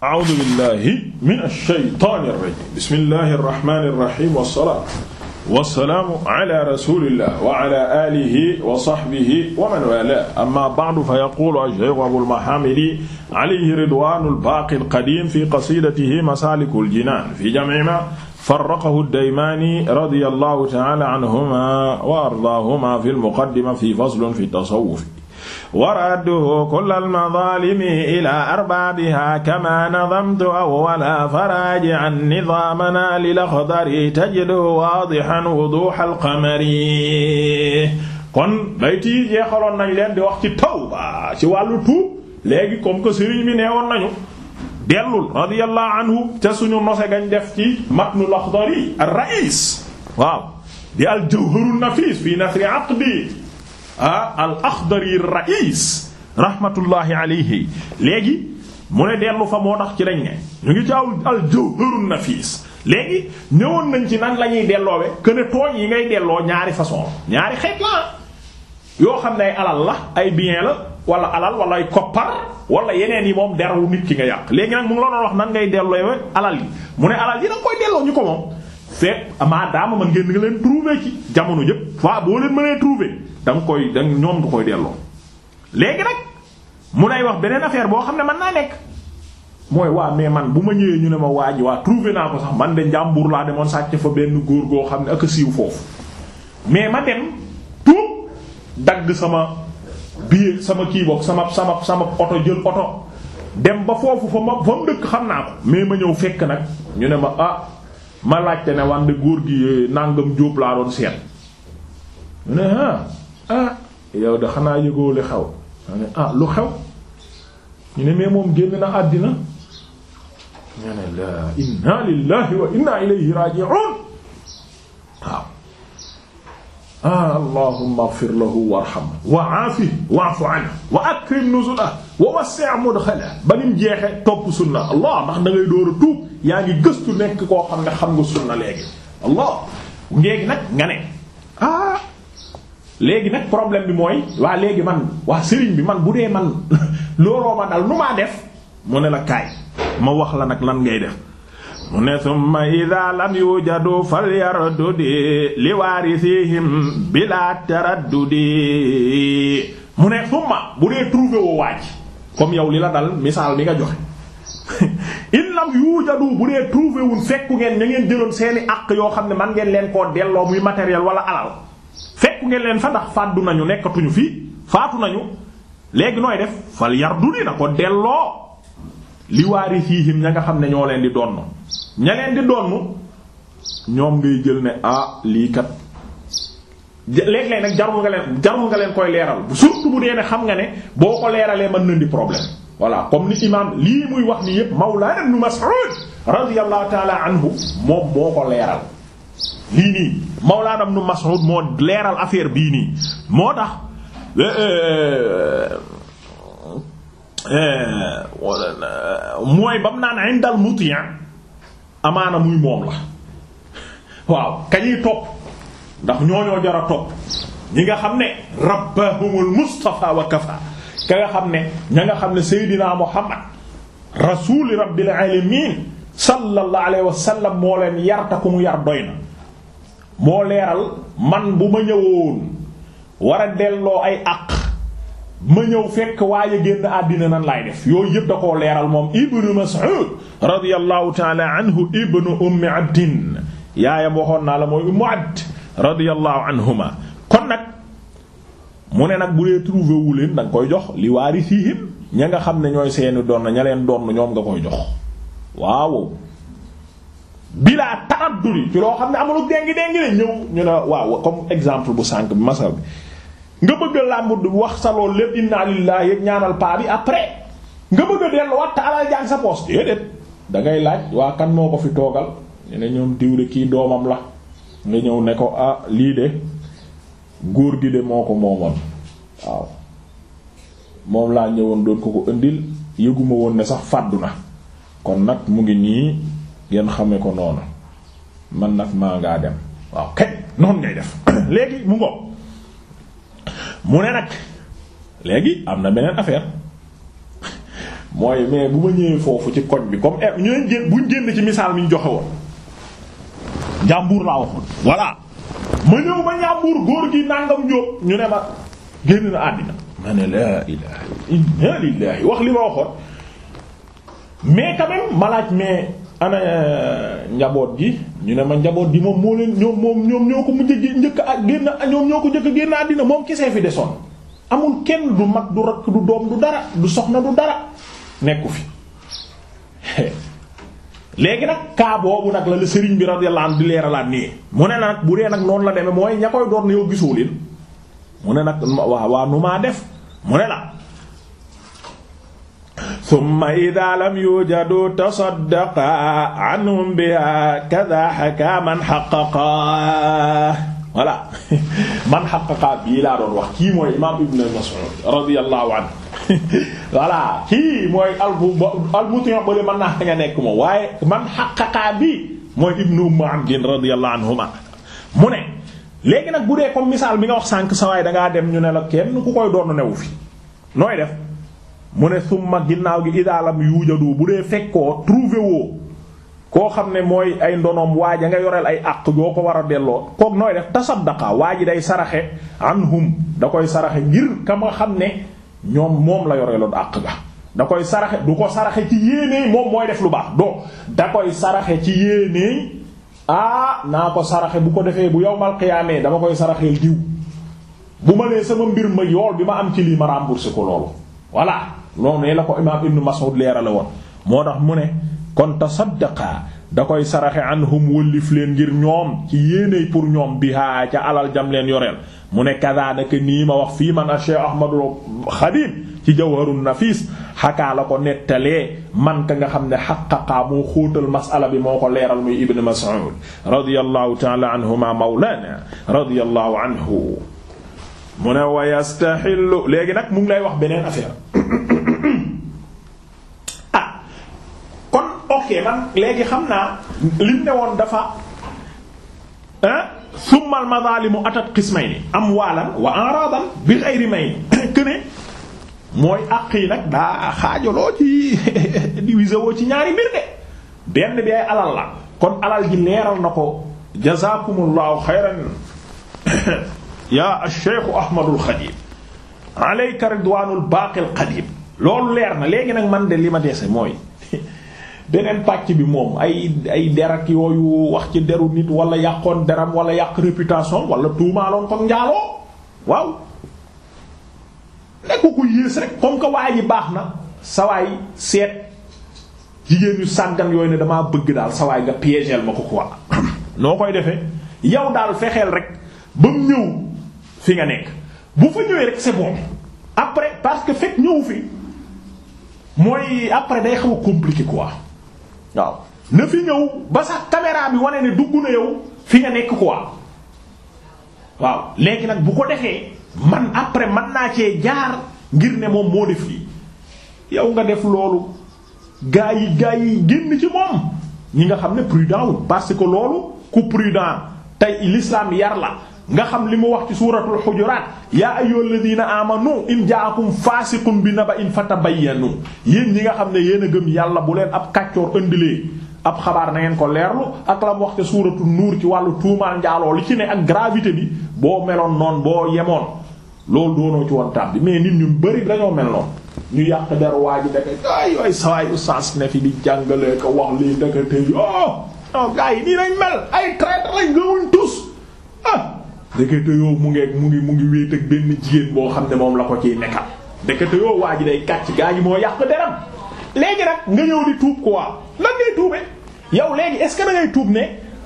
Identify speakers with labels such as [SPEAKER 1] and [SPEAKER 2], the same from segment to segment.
[SPEAKER 1] a'uuzu billahi mina shaytaani rajiim bismillahi rahmaani rahiim wassalaatu wassalaamu ala rasuulillah wa ala aalihi wa sahbihi wa man waalaahu amma ba'du fa yaquulu ash-shaykh Abul Mahaamidi alayhi ridwaanul baaqil qadiim fi qasiidatihi masaalikul jinaan fi jam'i maa farraqahu ad-Daymaani radiyallahu ta'aala anhumaa wa ardaahumaa fil muqaddima fi faslin fi tasawwuf waradduhu kullal madaalimi ilaa arbaabiha kamaa nadamtu awwala faraaji'an nidaamanaa lil axdari tajidu waadihan wuduuhal qamari kon bayti yi jeexaloon nañ leen di wax ci tawba ci wàllu tuub léegi comme que sëriñ bi neewoon nañu dellul radiyallahu anhu ca suñu nose gañ def ci matnul axdari ar-ra'iis waaw di al-jawharun nafiis fi nasri aqdi ah al akhdari rais rahmatullahi alayhi léegi mu ne dellu fa moo tax ci lañ ne ñu ngi ci aw al jawharun nafis léegi ñëwoon nañ ci nan la ñuy delloowe que ne tooñ yi ngay delloo ñaari façon ñaari xet la yoo xam ne ay alal la ay bien la wala alal wala ay koppar wala yeneen yi moom derawu nit ki nga yàq léegi nag mu ngi la doon wax nan ngay delloowe alal yi mu ne alal yi da koy delloo ñu ko moom fekk maadaama ma ngeen nga leen trouver ci jamono jëpp waa boo leen mënee trouver da nga koy da ñoom du koy delloo léegi nag mu lay wax beneen affaire boo xam ne man naa nekk mooy waa mais man bu ma ñëwee ñu ne ma waa ji waa trouver naa ko sax man de njàmbur laa demoon sàcc fa benn góor goo xam ne ak a siiw foofu mais ma dem tuub dagg sama billet sama kii boog sama sama sama oto jël oto dem ba foofu fa ma fa mu dëkk xam naa ko mais ma ñëw fekk nag ñu ne ma ah ma laajte ne wande góor gi eh, nàngam jóob laa doon seet mu ne ah ah yow de xanaa yëgoo li xew ma ne ah lu xew ñu ne mais moom génn na àddina ñu ne la inna lillahi wa inna ilayhi raji'un ah allahumma ighfir lahu warham wa aafi wa'fu anhu wa akrim nuzulahu wa wassi' mudkhalahu ba nim jeexe topp sunna allah ndax da ngay yaa ngi gëstu nekk koo xam ne xam nga sunna léegi allah ngéegi nag nga ne ah léegi nag problème bi mooy waa léegi man wax sëriñ bi man bu dee man looloo ma dal nu maa def mu ne la kaay ma wax la nag lan ngay def mu ne summa ida lam yujadu falyardudi li waarisihim bila taraddudi mu ne summa bu dee trouvé woo waaj comme yow li la dal misaal mi nga joxe in lam yujadu bu dee trouvé fekku ngeen ña ngeen jëloon seeni àq yoo xam ne man ngeen leen koo delloo muy matériel wala alal fekku ngeen leen fa ndax fàddu nañu nekkatuñu fii faatu nañu léegi nooy def falyardudi na ko delloo li waari siihim ña nga xam ne ñoo leen di donn ña leen di donn ñoom ngay jël ne ah lii kat léeg-léeg nag jarul nga leen jarul nga leen koy leeral surtout bu dee ne xam nga ne boo ko leeralee mën na di problème voilà comme ni imaam lii muy wax ni yépp Mawlana Ibn Mas'ud radiyallahu ta'ala anhu moom moo ko leeral lii nii Mawlana Ibn Mas'ud moo leeral affaire bii nii moo tax euh, euh, Eh, mooy ba mu naan indal mutia amaana muy moom la waaw kañuy topp ndax ñooñoo jar a topp ñi nga xam ne rabbahumul mustafa wa kafa ka nga xam ne ña nga xam ne seydina muhammad rasuli rabbil alamin sallallahu alayhi wa sallam moo leen yarta ku mu leeral man bu ma ñëwoon war a delloo ay àq ma ñëw fekk waaye génn àddina nan laay def yooyu yëpp da koo leeral moom ibnu mas'ud radiyallahu ta'ala anhu ibnu ummi abdin yaayam waxoon naa la mooy ummu abd radiyallahu anhuma kon nag mu ne nag bu dee trouvé wu leen da koy jox li waarisiihim ña nga xam ne ñooy seeni donn ña leen donn ñoom nga koy jox waaw bilaa taraddudi ci loo xam ne amul dengi dengi ne ñëw ñu ne waaw comme exemple bu sànq bi masal bi nga bëgg a làmb wax saloo loolu lépp inna yëg ñaanal paa bi après nga bëgg a delluwaat te sa poos déedéet da laaj waa kan moo ko fi toogal ñu ne ñoom diw kii doomam la nga ñëw ne ko ah lii de góor gi de moo ko moomoon waaw moom laa ñëwoon doon ko ko indil yëguma woon ne sax fàddu na kon nag mu ngi nii ngeen xame ko noonu man nag maa ngaa dem waaw kay noonu ngay def léegi mu ngo mu ne nag léegi am na beneen affaire mooy mais bu ma ñëwee foofu ci koñ bi comme eh, ñu leen génn buñ génn ci misaal mi ñu joxe woon njàmbur laa waxoon voilà ma ñëw ba njàmbur góor gi nangam jóob ñu ne ma génn na àddina ma ne laa ilaha inna lillahi wax li ma waxoon mais quand ma laaj mais ana eh, njaboot gi ñu ne ma njaboot gi moom moo leen ñoom moom ñoom ñoo ko mujj njëkk ak génn ñoom ñoo ko njëkk génn àddina moom kesee fi desoon amul kenn du mag du rakk du doom du dara du soxna du dara nekku fi léegi nag kaa boobu nag la la sëriñ bi radiyallahu anhu di leeralaat nii mu ne nag bu dee nag noonu la demee mooy ña koy doon na yow gisoo leen mu ne nag waa waa nu maa def mu ne la summa idaa lam yujadu tasaddaqa anhum biha kada xakaa man xaqaqa voilà man xaqaqa bii laa doon wax kii mooy imaam ibn Mas'ud radiyallahu anhu voilà kii mooy albu almution bale mën naa nga nekk moom waaye man xaqaqa bii mooy ibnu Umm Abdin radiyallahu anhuma mu ne léegi nag bu dee comme misaal bi nga wax sànq sawaay da ngaa dem ñu ne la kenn ku koy doon newu fi nooy def mu ne summa ginnaaw gi idaalam yuujadu bu dee fekkoo trouvé woo koo xam ne mooy ay ndonoom waa ja nga yoreel ay àq yoo ko war a delloo kook nooy def tasaddaqa waa ji day saraxe anhum da koy saraxe ngir ka ma xam ne ñoom moom la yoreeloon àq ga da koy saraxe du ko saraxe ci yéenéey moom mooy def lu baax doo da koy saraxe ci yéenéey ah naa ko saraxe bu ko defee bu yowmal qiyaamee dama koy saraxeel diw bu ma nee sama mbir ma yool bi ma am ci lii ma rembourser ko voilà noonu la ko imaam ibnu Mas'ud leerale woon moo tax mu ne kon tasaddaqa da koy saraxe anhum wëllif leen ngir ñoom ci yéene pour ñoom bi haa ca alal jam leen yoreel mu ne kadaanaka nii ma wax fii man a Cheikh Ahmadul Xadim ci jawharun nafis xakaa la ko nettalee man ka nga xam ne xaqaqaa moo xóotal masala bi moo ko leeral muy ibn Mas'ud radiyallahu ta'ala anhuma mawlana radiyallahu anhu mu ne wa yastaxillu léegi nag mu ngi lay wax beneen affaire ah kon ok man léegi xam naa lim ne woon dafa summa al mazalimu atat qismayni amwalan wa aradan bi ghayri may këne mooy àq yi nag daa xaajaloo ci divisé woo ci ñaari mbir de benn bi ay alal la kon alal ji leeral na ko jazakumullahu xayran yaa Cheikh Ahmadul Xadim alayka ridwaanul baaqil qadim loolu leer na léegi nag man de li ma dese mooy beneen pàcc bi moom ay ay derak yooyu wax ci deru nit wala yàqoon deram wala yàq réputation wala tuumaaloon ko njaaloo waaw nekk ko yées rek comme que waa ji baax na sawaay seet jigéen yu sàggan yooyu ne damaa bëgg daal sawaay nga piégeel ma ko quoi noo koy defee yow daal fexeel rek ba mu ñëw fi nga nekk bu fa ñëwee rek c'est bon après parce que fekk ñëw fi mooy après day xaw a compliqué quoi waaw na fi ñëw ba sax caméra bi wane ne dugg na yow fi nga nekk quoi waaw léegi nag bu ko defee man après man naa cee jaar ngir ne moom moo def lii yow nga def loolu gaa yi gaa yi génn ci moom ñi nga xam ne prudent wul parce que loolu ku prudent tey l'islam yar la nga xam li mu wax ci suuratul xujuraat yaa ayyuhal ladina amanu in jaakum faasiqun bi na ba naba'in fatabayyanu yéen yi nga xam ne yéen a gëm yàlla bu leen ab kàccoor indilee ab xabaar nangeen ko leerlu ak la mu wax ci suuratul nuur ci wàllu tuumaal njaaloo li ci ne ak gravité bi boo meloon noonu boo yemoon loolu doonoo ci woon tàbbi mais nit ñu bari dañoo mel noonu ñu yàq der waa ji daka ay ay sawaay oustaz ne fi di jàngale ko wax lii daka tey oh, oh non ay traître ndekete yoo mu ngeeg mu ngi mu ngi wéet ak benn jigéen boo xam ne moom la ko ciy nekkal ndekete yoo waa ji day kàcc gaa ji moo yàq deram léegi nag nga ñëw di tuub quoi lan ngay tuube yow léegi est ce tuub ne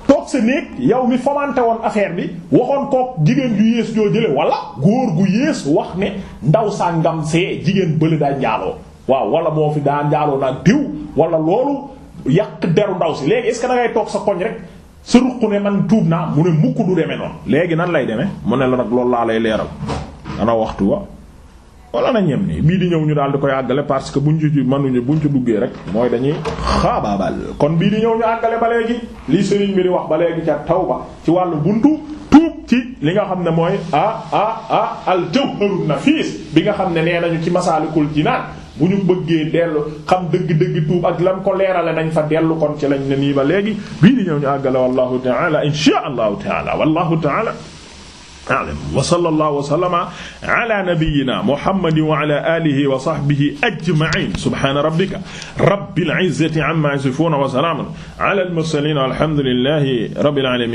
[SPEAKER 1] toog sa néeg yow mi fomante woon affaire bi waxoon kook jigéen ju yées joo jële wala góor gu yées wax ne ndaw sa ngam jigéen bële daa njaaloo waaw wala moo fi daa njaaloo nag diw wala loolu yàq deru ndaw si léegi est ce toog sa koñ sa ruq ne man tuub naa mu ne mukk du deme noonu léegi nan lay demee mu ne la nag lool laa lay leeral ana waxtu wa wala na ñem ni bii di ñëw ñu daal di koy àggale parce que buñ ci mënuñu ñu ci duggee rek mooy dañuy xaabaabal kon bii di ñëw ñu àggale ba léegi li sëriñ bi di wax ba léegi ca tawba ci wàllu buntu tuub ci li nga xam ne mooy a a a al jawharun nafis bi nga xam ne nee nañu ci masaalikul jinaan bu ñu bëggee dellu xam dëgg-dëgg tuub ak lam ko leerale nañ fa dellu kon ci lañ ne nii ba léegi bii di ñëw ñu àggale wallahu taala insha allahu taala wallahu taala a'lam wa sallallahu wa sallama ala nabiyyina muhammadin wa ala alihi wa sahbihi ajma'in subhana rabbika rabbil izzati amma yasifun wa salamun ala al mursalin walhamdulillahi rabbil alamin